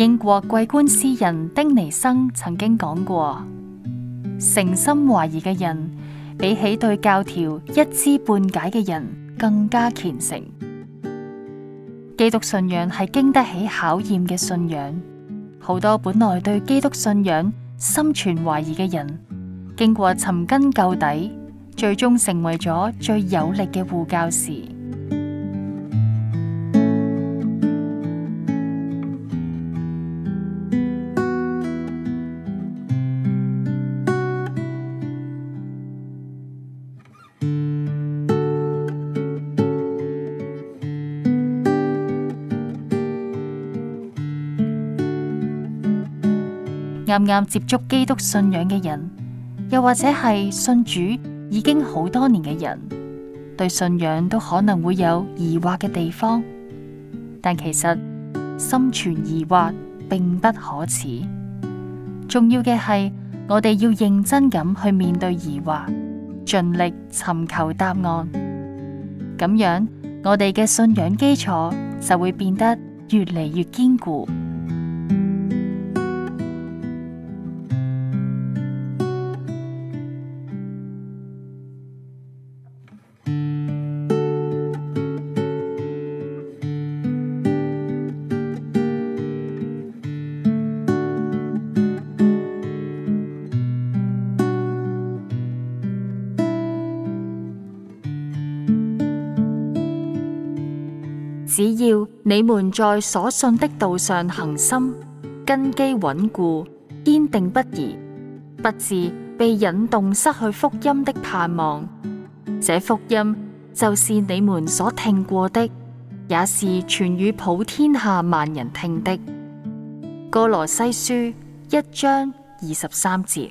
英國桂冠詩人丁尼生曾經講過：誠心懷疑嘅人，比起對教條一知半解嘅人，更加虔誠。基督信仰係經得起考驗嘅信仰。好多本來對基督信仰心存懷疑嘅人，經過尋根究底，最終成為咗最有力嘅護教士。啱啱接觸基督信仰嘅人，又或者係信主已經好多年嘅人，對信仰都可能會有疑惑嘅地方。但其實心存疑惑並不可恥，重要嘅係我哋要認真咁去面對疑惑，盡力尋求答案。咁樣我哋嘅信仰基礎就會變得越嚟越堅固。只要你們在所信的道上恆心，根基穩固，堅定不移，不至被引動失去福音的盼望，這福音就是你們所聽過的，也是傳與普天下萬人聽的。歌羅西書一章二十三節。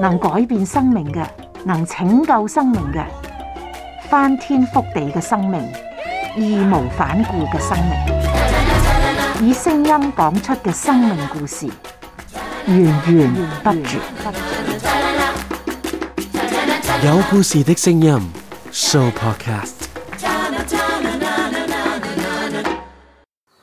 能改變生命嘅，能拯救生命嘅，翻天覆地嘅生命，義無反顧嘅生命，以聲音講出嘅生命故事，源源不絕。有故事的聲音，Show Podcast。